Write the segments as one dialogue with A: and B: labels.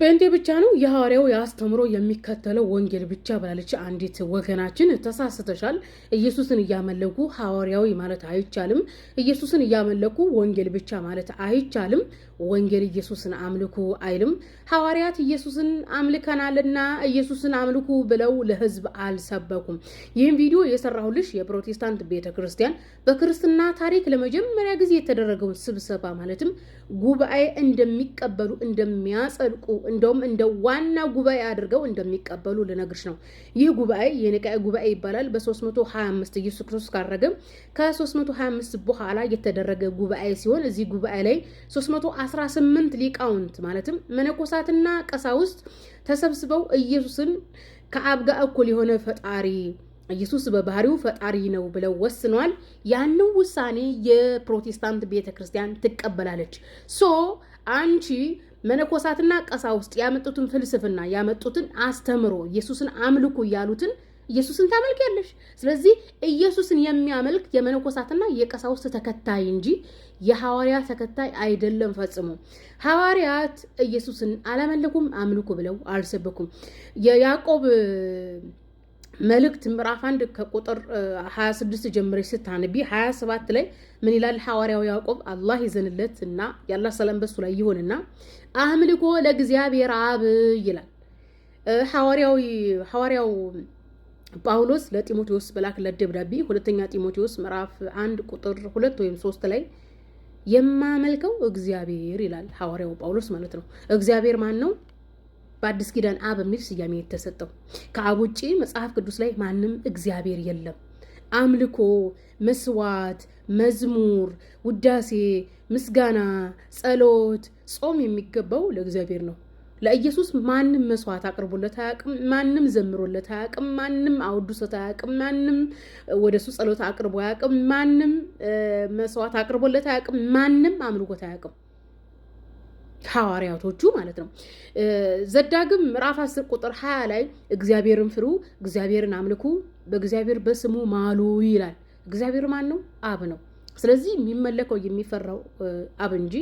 A: በእንዴ ብቻ ነው የሐዋርያው የአስተምሮ የሚከተለው ወንጌል ብቻ ብላለች አንዲት ወገናችን። ተሳስተሻል። ኢየሱስን እያመለኩ ሐዋርያዊ ማለት አይቻልም። ኢየሱስን እያመለኩ ወንጌል ብቻ ማለት አይቻልም። ወንጌል ኢየሱስን አምልኩ አይልም። ሐዋርያት ኢየሱስን አምልከናልና ኢየሱስን አምልኩ ብለው ለሕዝብ አልሰበኩም። ይህም ቪዲዮ የሰራሁልሽ የፕሮቴስታንት ቤተ ክርስቲያን በክርስትና ታሪክ ለመጀመሪያ ጊዜ የተደረገውን ስብሰባ ማለትም ጉባኤ እንደሚቀበሉ እንደሚያጸድቁ እንደውም እንደ ዋና ጉባኤ አድርገው እንደሚቀበሉ ልነግርሽ ነው። ይህ ጉባኤ የኒቃኤ ጉባኤ ይባላል። በ325 ኢየሱስ ክርስቶስ ካረገም ከ325 በኋላ የተደረገ ጉባኤ ሲሆን እዚህ ጉባኤ ላይ 318 ሊቃውንት ማለትም መነኮሳትና ቀሳውስት ተሰብስበው ኢየሱስን ከአብ ጋር እኩል የሆነ ፈጣሪ ኢየሱስ በባህሪው ፈጣሪ ነው ብለው ወስነዋል። ያንን ውሳኔ የፕሮቴስታንት ቤተ ክርስቲያን ትቀበላለች። ሶ አንቺ መነኮሳትና ቀሳውስት ያመጡትን ፍልስፍና ያመጡትን አስተምሮ ኢየሱስን አምልኩ ያሉትን ኢየሱስን ታመልኪያለሽ። ስለዚህ ኢየሱስን የሚያመልክ የመነኮሳትና የቀሳውስት ተከታይ እንጂ የሐዋርያ ተከታይ አይደለም። ፈጽሞ ሐዋርያት ኢየሱስን አላመለኩም፣ አምልኩ ብለው አልሰበኩም። የያዕቆብ መልእክት ምዕራፍ አንድ ከቁጥር 26 ጀምረሽ ስታነቢ 27 ላይ ምን ይላል? ሐዋርያው ያዕቆብ አላህ ይዘንለት እና ያላ ሰላም በሱ ላይ ይሆንና አምልኮ ለእግዚአብሔር አብ ይላል። ሐዋርያው ጳውሎስ ለጢሞቴዎስ በላከለት ደብዳቤ ሁለተኛ ጢሞቴዎስ ምዕራፍ 1 ቁጥር 2 ወይም 3 ላይ የማመልከው እግዚአብሔር ይላል ሐዋርያው ጳውሎስ ማለት ነው። እግዚአብሔር ማን ነው? በአዲስ ኪዳን አብ የሚል ስያሜ የተሰጠው። ከአብ ውጪ መጽሐፍ ቅዱስ ላይ ማንም እግዚአብሔር የለም። አምልኮ፣ መስዋዕት፣ መዝሙር፣ ውዳሴ፣ ምስጋና፣ ጸሎት፣ ጾም የሚገባው ለእግዚአብሔር ነው። ለኢየሱስ ማንም መስዋዕት አቅርቦለት አያውቅም። ማንም ዘምሮለት አያውቅም። ማንም አወድሶት አያውቅም። ማንም ወደ እሱ ጸሎት አቅርቦ አያውቅም። ማንም መስዋዕት አቅርቦለት አያውቅም። ማንም አምልኮት አያውቅም። ሐዋርያቶቹ ማለት ነው። ዘዳግም ምዕራፍ 10 ቁጥር 20 ላይ እግዚአብሔርን ፍሩ፣ እግዚአብሔርን አምልኩ፣ በእግዚአብሔር በስሙ ማሉ ይላል። እግዚአብሔር ማን ነው? አብ ነው። ስለዚህ የሚመለከው የሚፈራው አብ እንጂ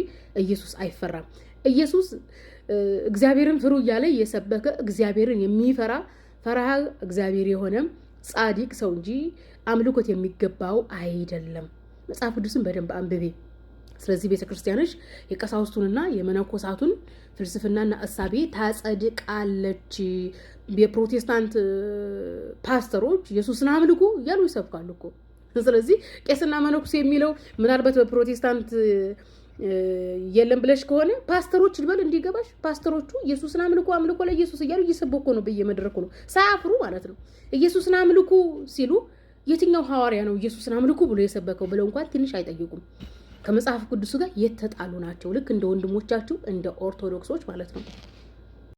A: ኢየሱስ አይፈራም። ኢየሱስ እግዚአብሔርን ፍሩ እያለ እየሰበከ እግዚአብሔርን የሚፈራ ፈርሃ እግዚአብሔር የሆነ ጻዲቅ ሰው እንጂ አምልኮት የሚገባው አይደለም። መጽሐፍ ቅዱስን በደንብ አንብቤ ስለዚህ ቤተ ክርስቲያኖች የቀሳውስቱንና የመነኮሳቱን ፍልስፍናና እሳቤ ታጸድቃለች። የፕሮቴስታንት ፓስተሮች የሱስን አምልኩ እያሉ ይሰብካሉ እኮ። ስለዚህ ቄስና መነኩስ የሚለው ምናልባት በፕሮቴስታንት የለም ብለሽ ከሆነ ፓስተሮች ልበል እንዲገባሽ። ፓስተሮቹ ኢየሱስን አምልኩ አምልኮ ለኢየሱስ እያሉ እየሰበኮ ነው በየመድረኩ ነው፣ ሳያፍሩ ማለት ነው። ኢየሱስን አምልኩ ሲሉ የትኛው ሐዋርያ ነው ኢየሱስን አምልኩ ብሎ የሰበከው ብለው እንኳን ትንሽ አይጠይቁም። ከመጽሐፍ ቅዱሱ ጋር የተጣሉ ናቸው። ልክ እንደ ወንድሞቻችሁ እንደ ኦርቶዶክሶች ማለት ነው።